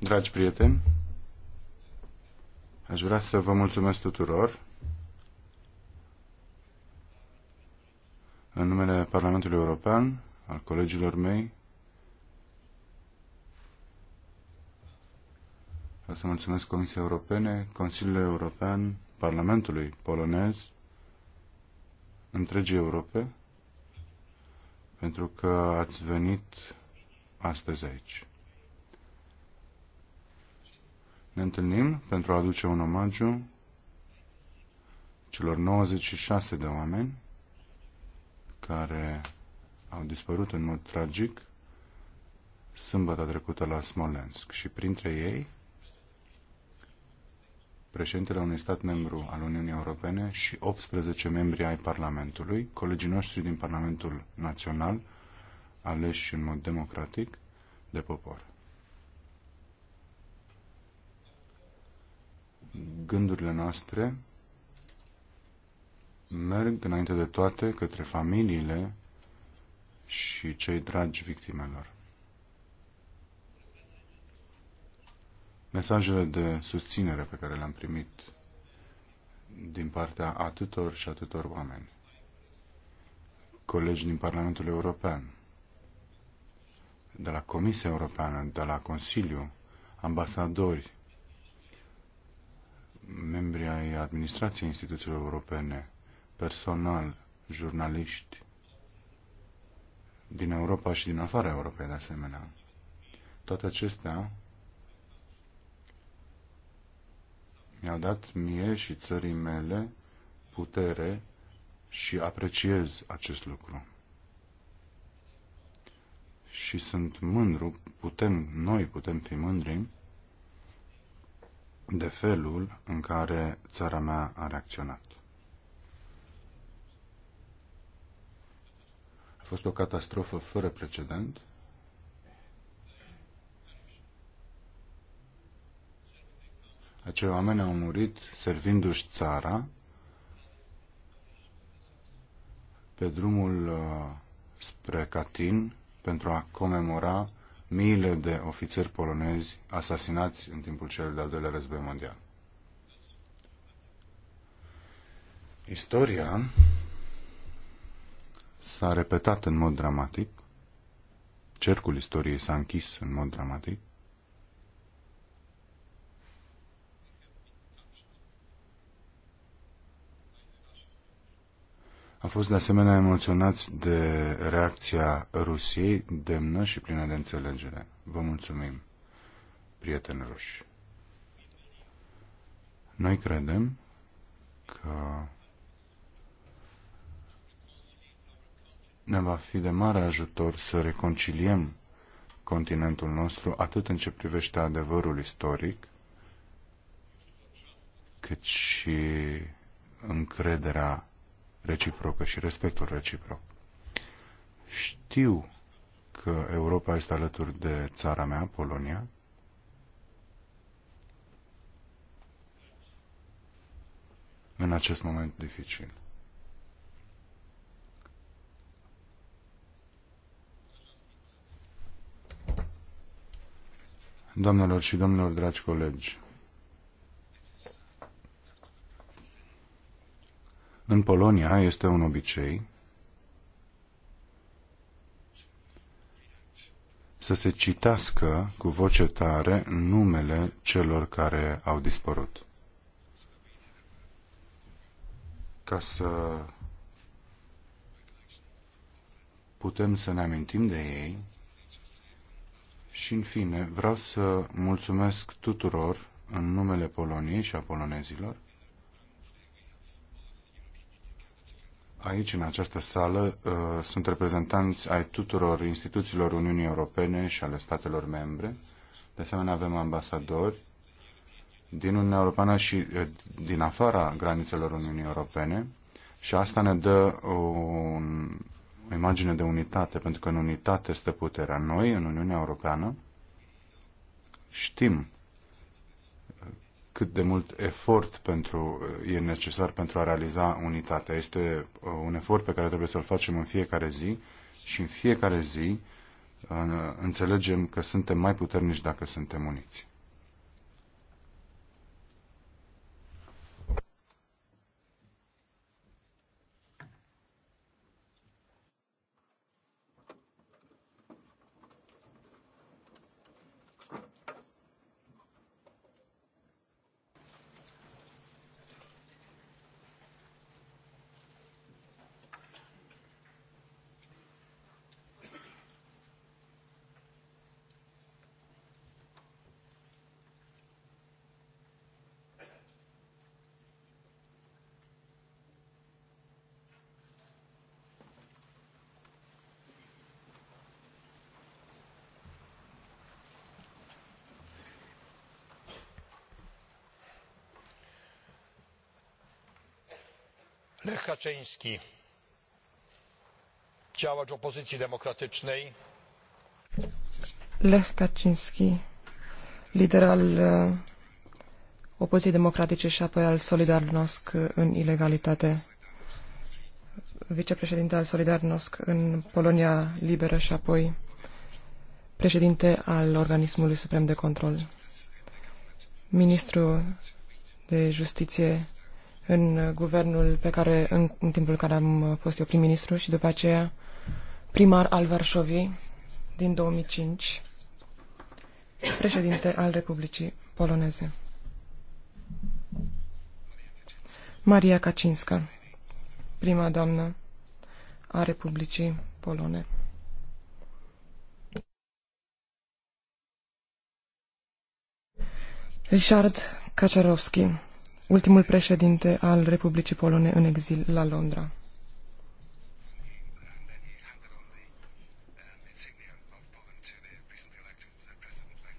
Dragi prieteni, aș vrea să vă mulțumesc tuturor în numele Parlamentului European, al colegilor mei. Vreau să mulțumesc Comisiei Europene, Consiliul European, Parlamentului polonez, întregii Europe, pentru că ați venit astăzi aici. ne întâlnim pentru a aduce un omagiu celor 96 de oameni care au dispărut în mod tragic sâmbătă trecută la Smolensk și printre ei președintele unui stat membru al Uniunii Europene și 18 membri ai Parlamentului, colegii noștri din Parlamentul Național, aleși în mod democratic de popor. gândurile noastre merg înainte de toate către familiile și cei dragi victimelor. Mesajele de susținere pe care le-am primit din partea atâtor și atâtor oameni, colegi din Parlamentul European, de la Comisia Europeană, de la Consiliu, ambasadori, membri ai administrației instituțiilor europene, personal, jurnaliști din Europa și din afara Europei, de asemenea. Toate acestea mi-au dat mie și țării mele putere și apreciez acest lucru. Și sunt mândru, putem, noi putem fi mândri de felul în care țara mea a reacționat. A fost o catastrofă fără precedent Acei oameni au murit servindu-și țara pe drumul uh, spre Catin pentru a comemora miile de ofițeri polonezi asasinați în timpul celui de-al doilea război mondial. Istoria s-a repetat în mod dramatic, cercul istoriei s-a închis în mod dramatic A fost de asemenea emoționați de reacția Rusiei, demnă și plină de înțelegere. Vă mulțumim, prieteni ruși. Noi credem că ne va fi de mare ajutor să reconciliem continentul nostru atât în ce privește adevărul istoric, cât și încrederea reciprocă și respectul reciproc. Știu că Europa este alături de țara mea, Polonia, în acest moment dificil. Doamnelor și domnilor, dragi colegi, În Polonia este un obicei să se citească cu voce tare numele celor care au dispărut. Ca să putem să ne amintim de ei și, în fine, vreau să mulțumesc tuturor în numele Poloniei și a polonezilor Aici, în această sală, uh, sunt reprezentanți ai tuturor instituțiilor Uniunii Europene și ale statelor membre. De asemenea, avem ambasadori din Uniunea Europeană și uh, din afara granițelor Uniunii Europene și asta ne dă o imagine de unitate, pentru că în unitate stă puterea. Noi, în Uniunea Europeană, știm cât de mult efort pentru, e necesar pentru a realiza unitatea. Este uh, un efort pe care trebuie să-l facem în fiecare zi și în fiecare zi uh, înțelegem că suntem mai puternici dacă suntem uniți. Lech Kaczyński, działacz opozycji demokratycznej. Lech Kaczyński, lider al opoziției democratice și apoi al Solidarnosc în ilegalitate, vicepreședinte al Solidarnosc în Polonia Liberă și apoi președinte al Organismului Suprem de Control, ministru de Justiție în guvernul pe care, în, în timpul în care am fost eu prim-ministru și după aceea primar al Varșoviei din 2005, președinte al Republicii Poloneze. Maria Kaczynska, prima doamnă a Republicii Polone. Richard Kaczarowski, ultimul președinte al Republicii Polone în exil la Londra.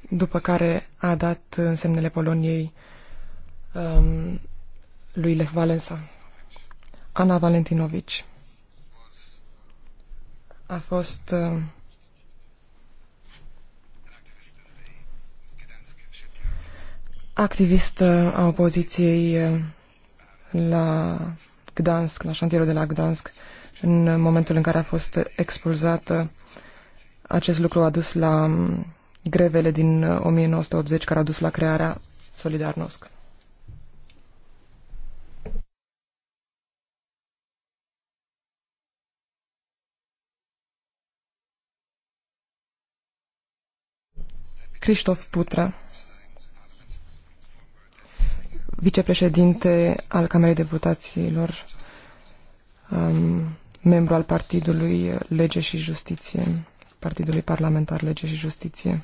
După care a dat însemnele Poloniei um, lui Lech Valensa. Ana Valentinovici a fost uh, activist uh, a opoziției uh, la Gdansk, la șantierul de la Gdansk, în momentul în care a fost expulzată. Acest lucru a dus la um, grevele din 1980 uh, care au dus la crearea Solidarnosc. Cristof Putra vicepreședinte al Camerei Deputaților, um, membru al Partidului Lege și Justiție, Partidului Parlamentar Lege și Justiție.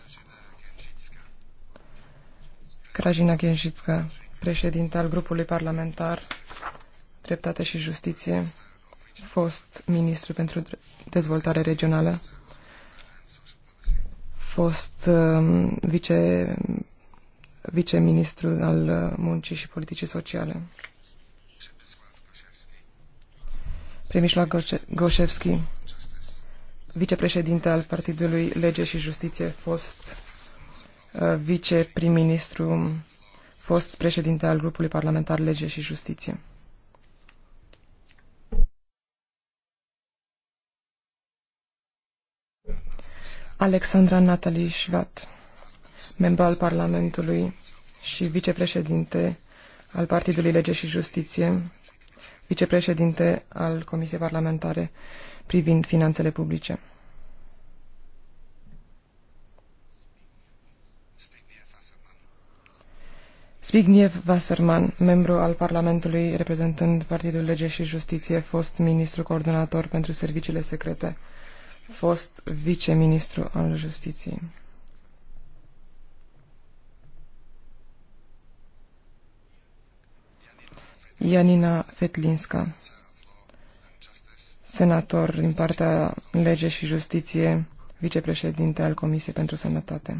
Krajina Ghenșițca, președinte al grupului parlamentar Dreptate și Justiție, fost ministru pentru dezvoltare regională, fost um, vice viceministru al uh, muncii și politicii sociale. Primișla Goșevski, vicepreședinte al Partidului Lege și Justiție, fost uh, viceprim-ministru, fost președinte al grupului parlamentar Lege și Justiție. Alexandra Natalie Schwatt membru al Parlamentului și vicepreședinte al Partidului Lege și Justiție, vicepreședinte al Comisiei Parlamentare privind finanțele publice. Spigniew Wasserman, membru al Parlamentului reprezentând Partidul Lege și Justiție, fost ministru coordonator pentru serviciile secrete, fost viceministru al Justiției. Ianina Fetlinska, senator din partea Lege și Justiție, vicepreședinte al Comisiei pentru Sănătate.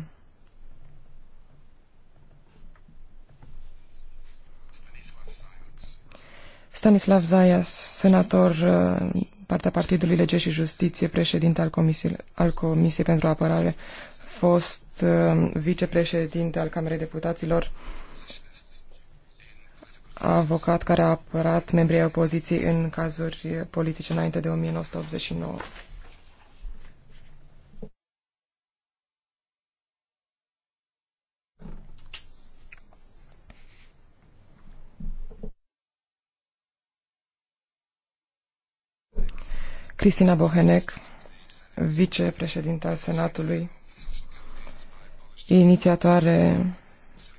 Stanislav Zayas, senator uh, partea Partidului Lege și Justiție, președinte al Comisiei, al Comisiei pentru Apărare, fost uh, vicepreședinte al Camerei Deputaților, avocat care a apărat membrii opoziției în cazuri politice înainte de 1989. Cristina Bohenec, vicepreședinte al Senatului, inițiatoare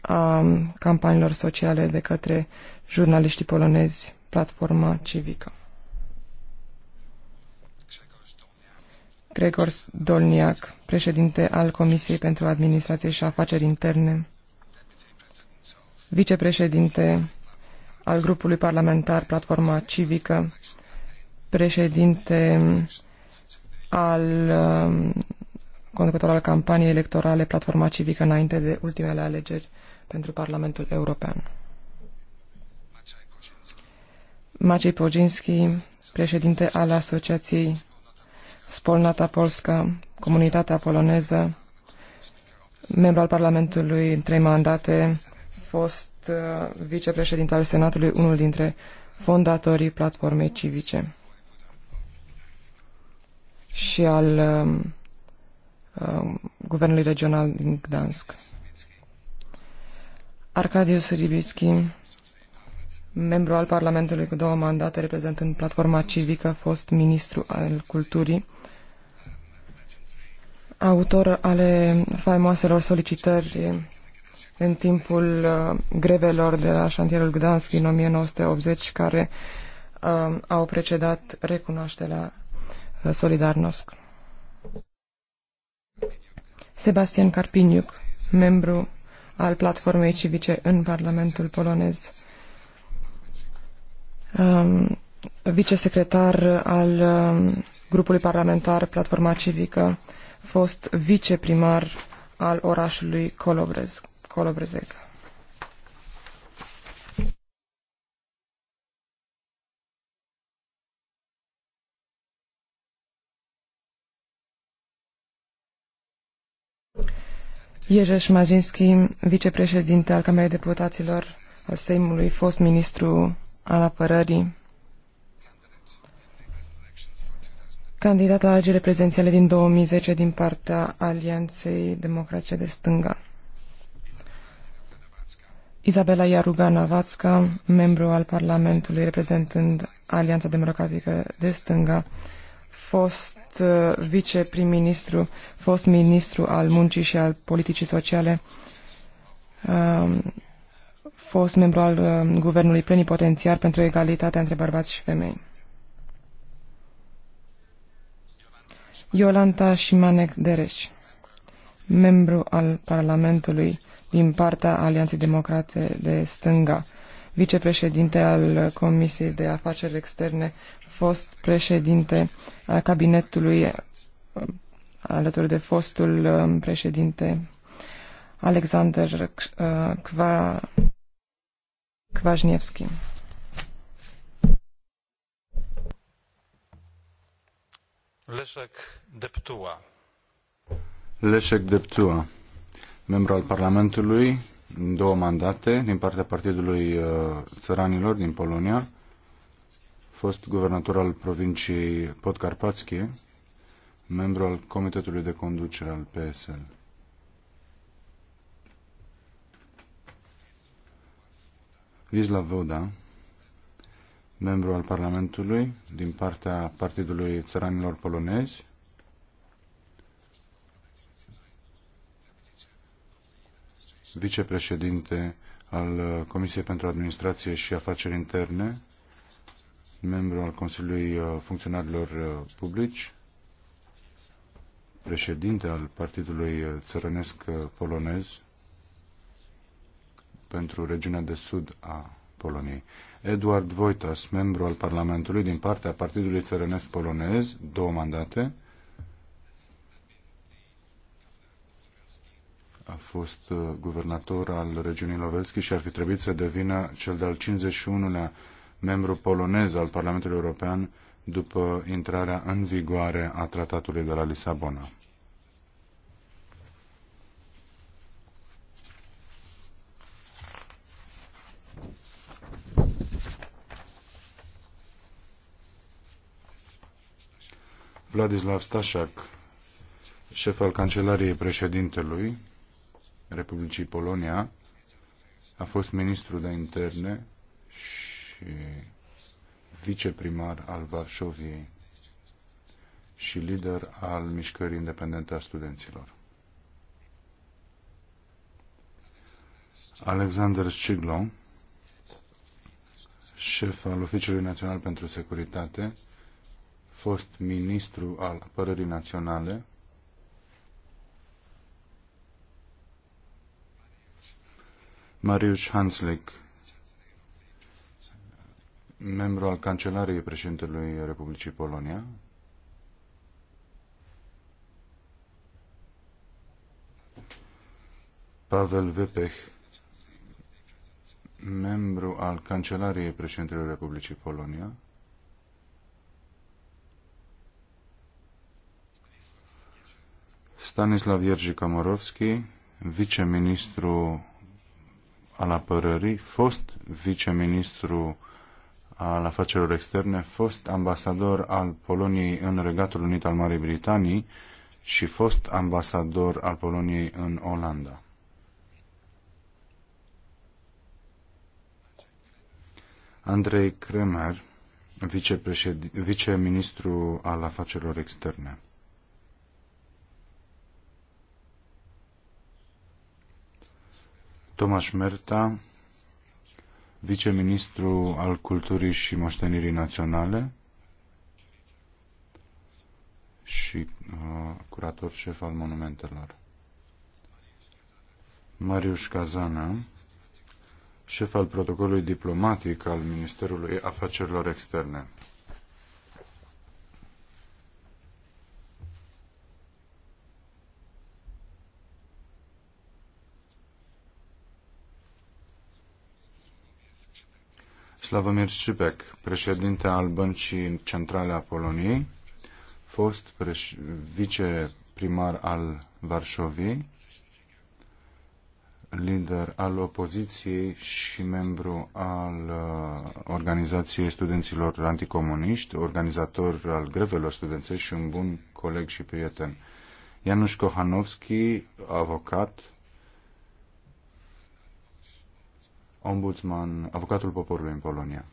a campaniilor sociale de către jurnaliștii polonezi Platforma Civică. Gregor Dolniak, președinte al Comisiei pentru Administrație și Afaceri Interne, vicepreședinte al grupului parlamentar Platforma Civică, președinte al um, conducător al campaniei electorale Platforma Civică înainte de ultimele alegeri pentru Parlamentul European. Maciej Poginski, președinte al Asociației Spolnata Polska, comunitatea poloneză, membru al Parlamentului în trei mandate, fost uh, vicepreședinte al Senatului, unul dintre fondatorii platformei civice și al um, Uh, guvernului Regional din Gdansk. Arcadius Ribitski, membru al Parlamentului cu două mandate, reprezentând platforma civică, fost ministru al culturii, autor ale faimoaselor solicitări în timpul uh, grevelor de la șantierul Gdansk din 1980, care uh, au precedat recunoașterea Solidarnosc. Sebastian Carpiniuc, membru al platformei civice în Parlamentul polonez, um, vicesecretar al um, grupului parlamentar Platforma Civică, fost viceprimar al orașului Colobrez, Colobrezec. Iejeș Majinski, vicepreședinte al Camerei Deputaților al Seimului, fost ministru al apărării, candidat la alegerile prezidențiale din 2010 din partea Alianței Democrație de Stânga. Izabela Iaruga Navacka, membru al Parlamentului reprezentând Alianța Democratică de Stânga, fost uh, viceprim-ministru, fost ministru al muncii și al politicii sociale, um, fost membru al um, guvernului plenipotențiar pentru egalitatea între bărbați și femei. Iolanta Șimanec Dereș, membru al Parlamentului din partea Alianței Democrate de Stânga, vicepreședinte al Comisiei de Afaceri Externe, fost președinte al cabinetului alături de fostul um, președinte Alexander uh, Kva... Kvajniewski. Leszek Deptua. Leszek Deptua, membru al Parlamentului, două mandate din partea Partidului uh, Țăranilor din Polonia, fost guvernator al provinciei Podcarpatschi, membru al Comitetului de Conducere al PSL. Vizla Voda, membru al Parlamentului din partea Partidului Țăranilor Polonezi, vicepreședinte al Comisiei pentru Administrație și Afaceri Interne, membru al Consiliului uh, Funcționarilor uh, Publici, președinte al Partidului uh, Țărănesc Polonez pentru regiunea de sud a Poloniei. Eduard Voitas, membru al Parlamentului din partea Partidului Țărănesc Polonez, două mandate, a fost uh, guvernator al regiunii Lovelski și ar fi trebuit să devină cel de-al 51-lea membru polonez al Parlamentului European după intrarea în vigoare a tratatului de la Lisabona. Vladislav Stașac, șef al Cancelariei Președintelui, Republicii Polonia, a fost ministru de interne și viceprimar al Varșoviei și lider al mișcării independente a studenților. Alexander Sciglon, șef al Oficiului Național pentru Securitate, fost ministru al Apărării Naționale Marius Hanslik, membru al Cancelariei președintelui Republicii Polonia. Pavel Vepech, membru al Cancelariei președintelui Republicii Polonia. Stanislav Jerzy Komorowski, viceministru al apărării, fost viceministru al afacerilor externe, fost ambasador al Poloniei în Regatul Unit al Marii Britanii și fost ambasador al Poloniei în Olanda. Andrei Kremer, viceministru al afacerilor externe. Tomaș Merta, viceministru al Culturii și Moștenirii Naționale și uh, curator șef al monumentelor. Marius Cazana, șef al protocolului diplomatic al Ministerului Afacerilor Externe. Slavomir Șipec, președinte al Băncii Centrale a Poloniei, fost viceprimar al Varșoviei, lider al opoziției și membru al uh, Organizației Studenților Anticomuniști, organizator al grevelor studențești și un bun coleg și prieten. Janusz Kohanovski, avocat, ombudsman, avocatul poporului în Polonia.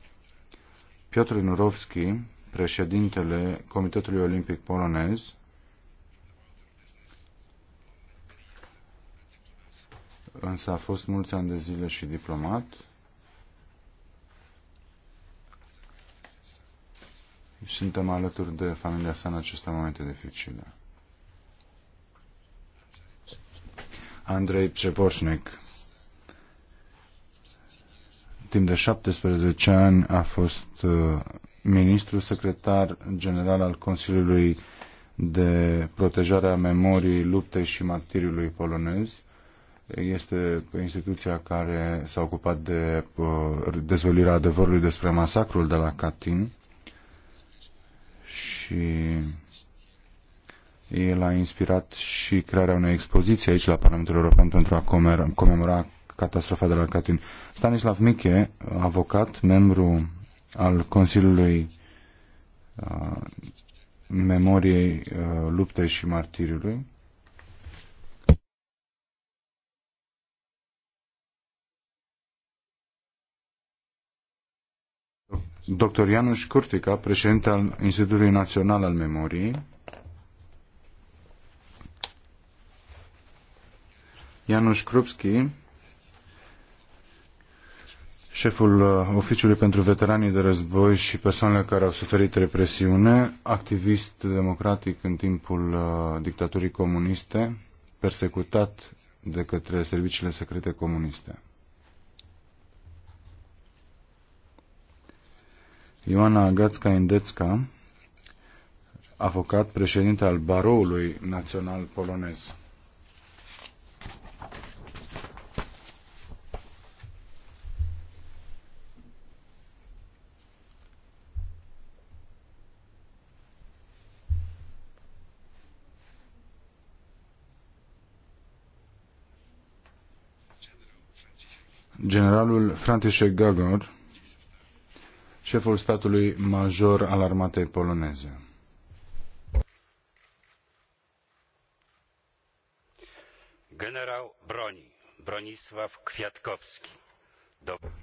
Piotr Nurovski, președintele Comitetului Olimpic Polonez, însă a fost mulți ani de zile și diplomat. Și suntem alături de familia sa în aceste momente dificile. Andrei Przevoșnec, timp de 17 ani a fost uh, ministru secretar general al Consiliului de protejare a memoriei luptei și martiriului polonez. Este instituția care s-a ocupat de uh, dezvăluirea adevărului despre masacrul de la Katyn și el a inspirat și crearea unei expoziții aici la Parlamentul European pentru a comemora catastrofa de la Katyn. Stanislav Miche, avocat, membru al Consiliului uh, Memoriei uh, Luptei și Martiriului, Dr. Ianuș Curtica, președinte al Institutului Național al Memoriei, Janusz Krupski, șeful uh, Oficiului pentru Veteranii de Război și persoanele care au suferit represiune, activist democratic în timpul uh, dictaturii comuniste, persecutat de către serviciile secrete comuniste. Ioana Gațca Indețca, avocat președinte al Baroului Național Polonez. generalul František Gagor, șeful statului major al armatei poloneze. General Broni, Bronisław Kwiatkowski.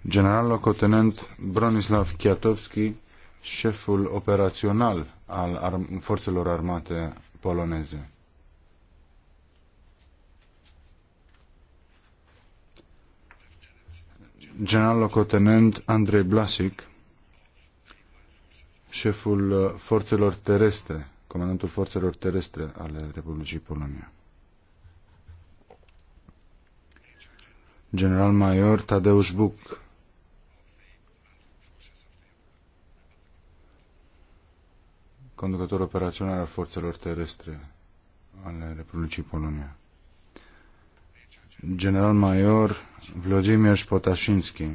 General locotenent Bronislav Kwiatkowski, șeful operațional al arm- forțelor armate poloneze. general locotenent Andrei Blasic, șeful uh, forțelor terestre, comandantul forțelor terestre ale Republicii Polonia. General Major Tadeusz Buk, conducător operațional al forțelor terestre ale Republicii Polonia general major Vladimir Potașinski,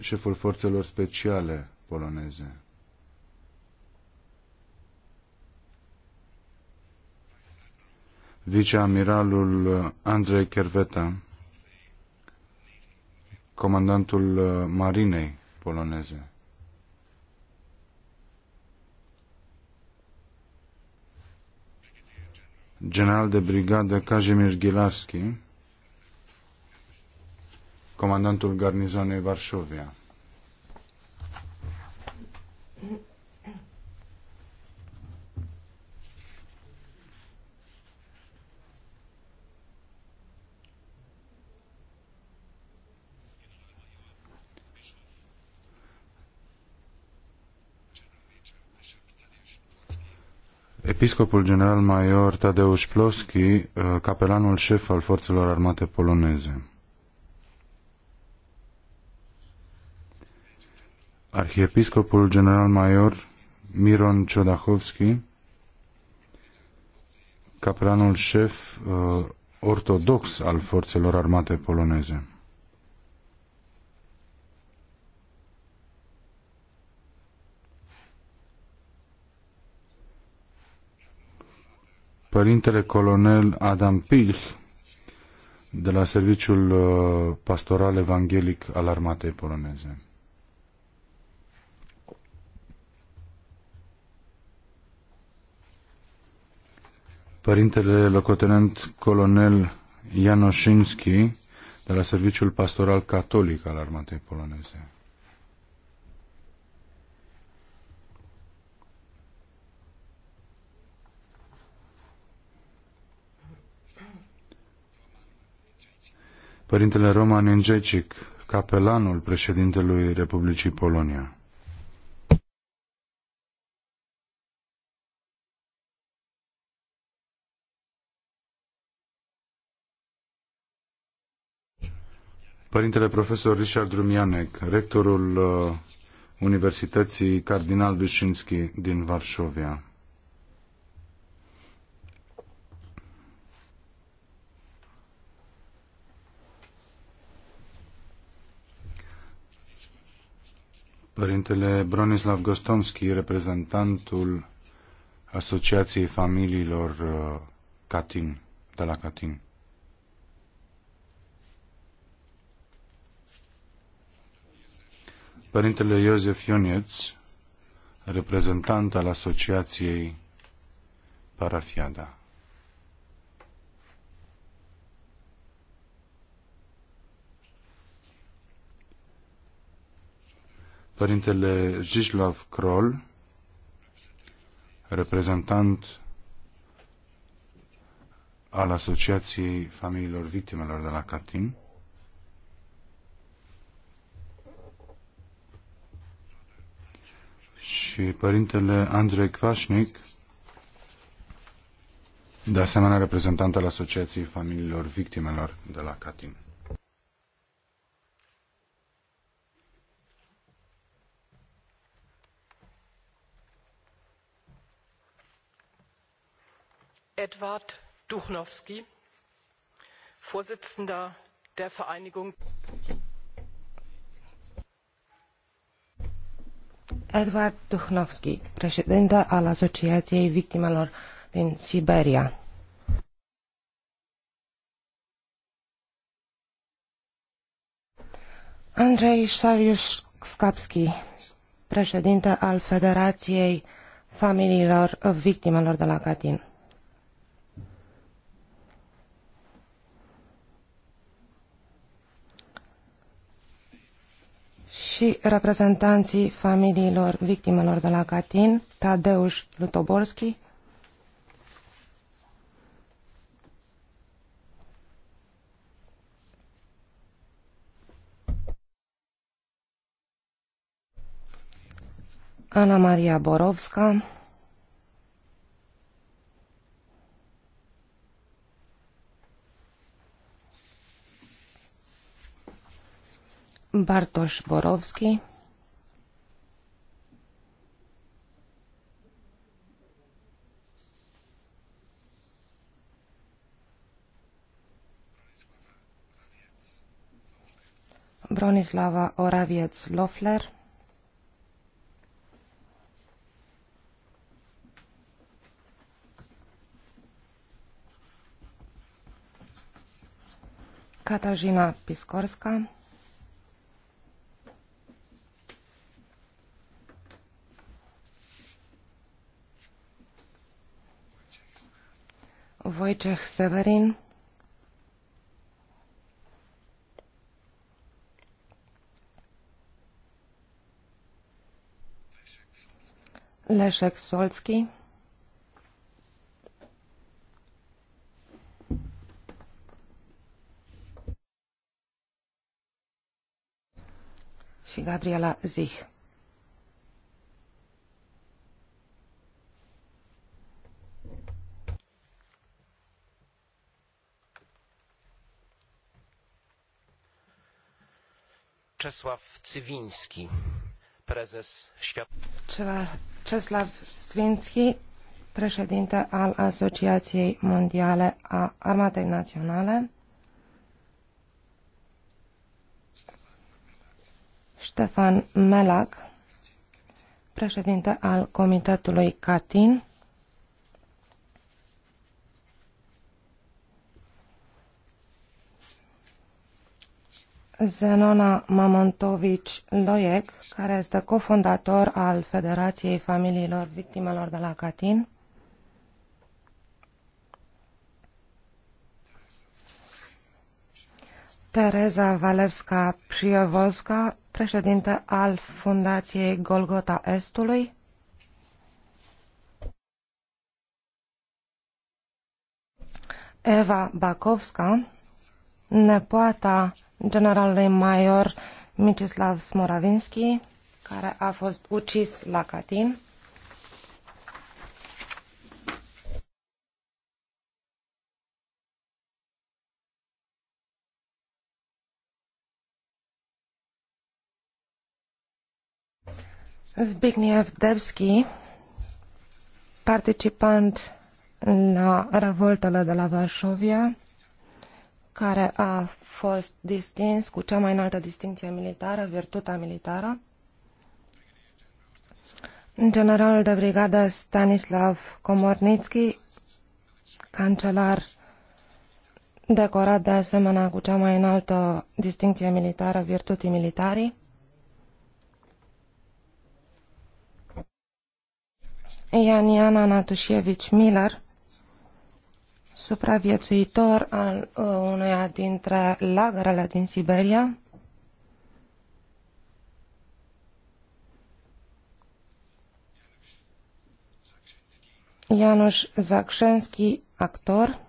șeful forțelor speciale poloneze. viceamiralul Andrei Kerveta, comandantul marinei poloneze. general de brigadă Kazimierz Gilarski, comandantul garnizoanei Varșovia. episcopul general major Tadeusz Plosky, uh, capelanul șef al forțelor armate poloneze. Arhiepiscopul general major Miron Ciodachowski, capelanul șef uh, ortodox al forțelor armate poloneze. părintele colonel Adam Pilch de la Serviciul uh, Pastoral Evanghelic al Armatei Poloneze. Părintele locotenent colonel Janoszynski, de la Serviciul Pastoral Catolic al Armatei Poloneze. părintele Roman Ingecic, capelanul președintelui Republicii Polonia. Părintele profesor Richard Drumianek, rectorul uh, Universității Cardinal Vișinski din Varșovia. Părintele Bronislav Gostomski, reprezentantul Asociației Familiilor uh, Catin, de la Catin. Părintele Iosef Ionieț, reprezentant al Asociației Parafiada. Părintele Jislav Kroll, reprezentant al Asociației Familiilor Victimelor de la Catin, și părintele Andrei Kvașnic, de asemenea reprezentant al Asociației Familiilor Victimelor de la Catin. edward duchnowski vorsitzender der vereinigung Edward Duchnovski, președinte al Asociației Victimelor din Siberia. Andrei Sariusz-Skapski, președinte al Federației Familiilor Victimelor de la Catin. și reprezentanții familiilor victimelor de la Catin, Tadeusz Lutoborski, Ana Maria Borovska, Bartosz Borowski. Bronislava Oraviec lofler Katarzyna Piskorska. Wojciech Severin. Leszek Solski. Și Gabriela Zich. Czesław Cywiński, prezes Światowego. Czesław Cywiński, președinte al Asociației Mondiale a Armatei Naționale. Ștefan Melac, președinte al Comitetului Catin. Zenona Mamontović Loiec, care este cofondator al Federației Familiilor Victimelor de la Catin. Tereza Valevska Prievozca, președinte al Fundației Golgota Estului. Eva Bakovska, nepoata generalului major Miecislav Smoravinski, care a fost ucis la Catin. Zbigniew Debski, participant la revoltele de la Varșovia, care a fost distins cu cea mai înaltă distinție militară, virtutea militară. Generalul de brigadă Stanislav Komornitski, cancelar decorat de asemenea cu cea mai înaltă distinție militară, virtutii militarii. Ianiana Natușievici Miller, supraviețuitor al uh, uneia dintre lagărele din Siberia, Janusz Zakrzewski, actor.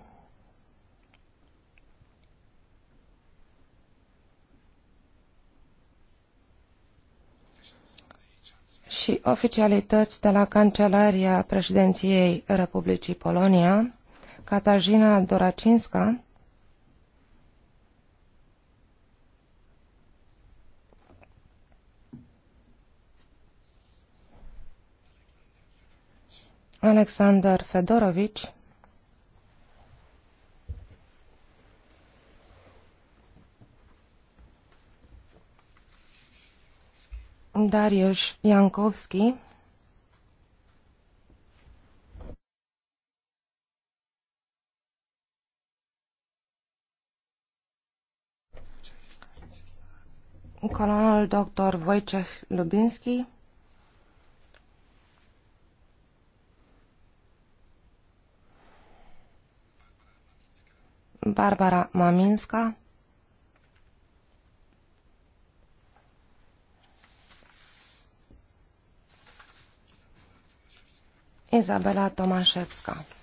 și oficialități de la Cancelaria Președinției Republicii Polonia, Katarzyna Doracinska, Alexander Fedorovici, Dariusz Jankowski, colonel dr. Wojciech Lubinski, Barbara Maminska, Izabela Tomaszewska.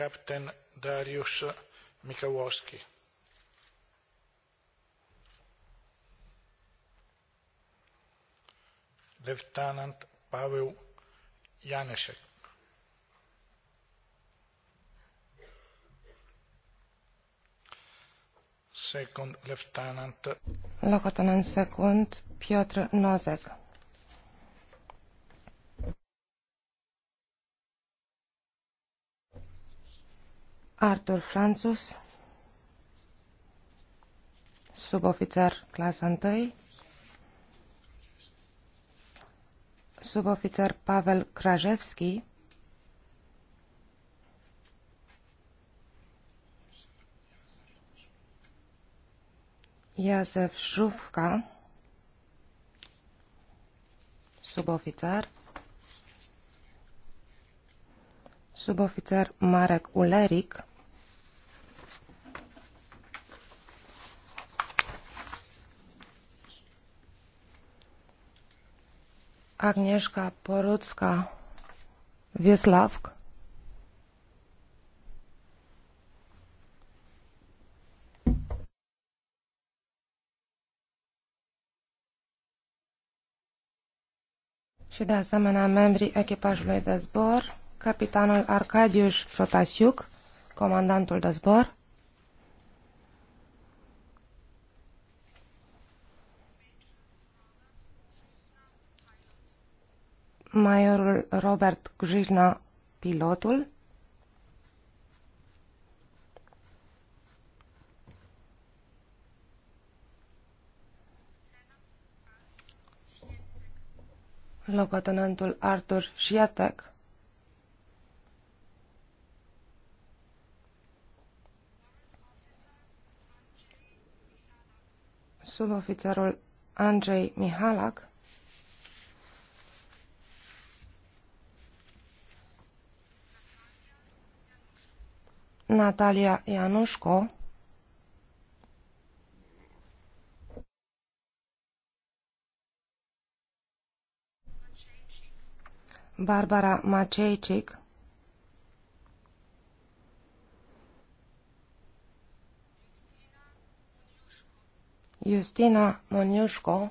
Captain Darius Mikawoski. Lieutenant Pavel Janeshek. Second Lieutenant. Locotenent second Piotr Nozek. Arthur Francis, subofițer clasa 1, subofițer Pavel Krajewski, Iasef Șufca, subofițer, subofițer Marek Uleric, Agnieszka Porucka Wiesławk. și de asemenea membrii echipajului de zbor, capitanul Arkadiusz Protasiuc, comandantul de zbor, Majorul Robert Grijna, pilotul, locotenentul Arthur Sietek. subofițerul Andrei Mihalak. Natalia Ianușco. Barbara Moniușco, Justina Moniușco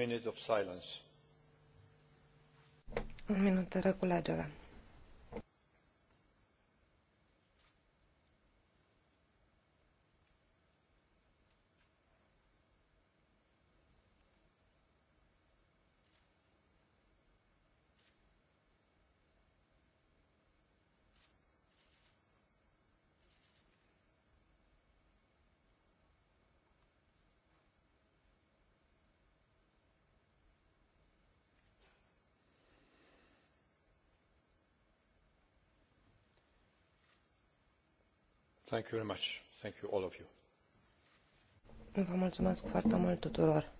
minute of silence. de reculegere. Thank you very much. Thank you all of you. Vă mulțumesc foarte mult tuturor.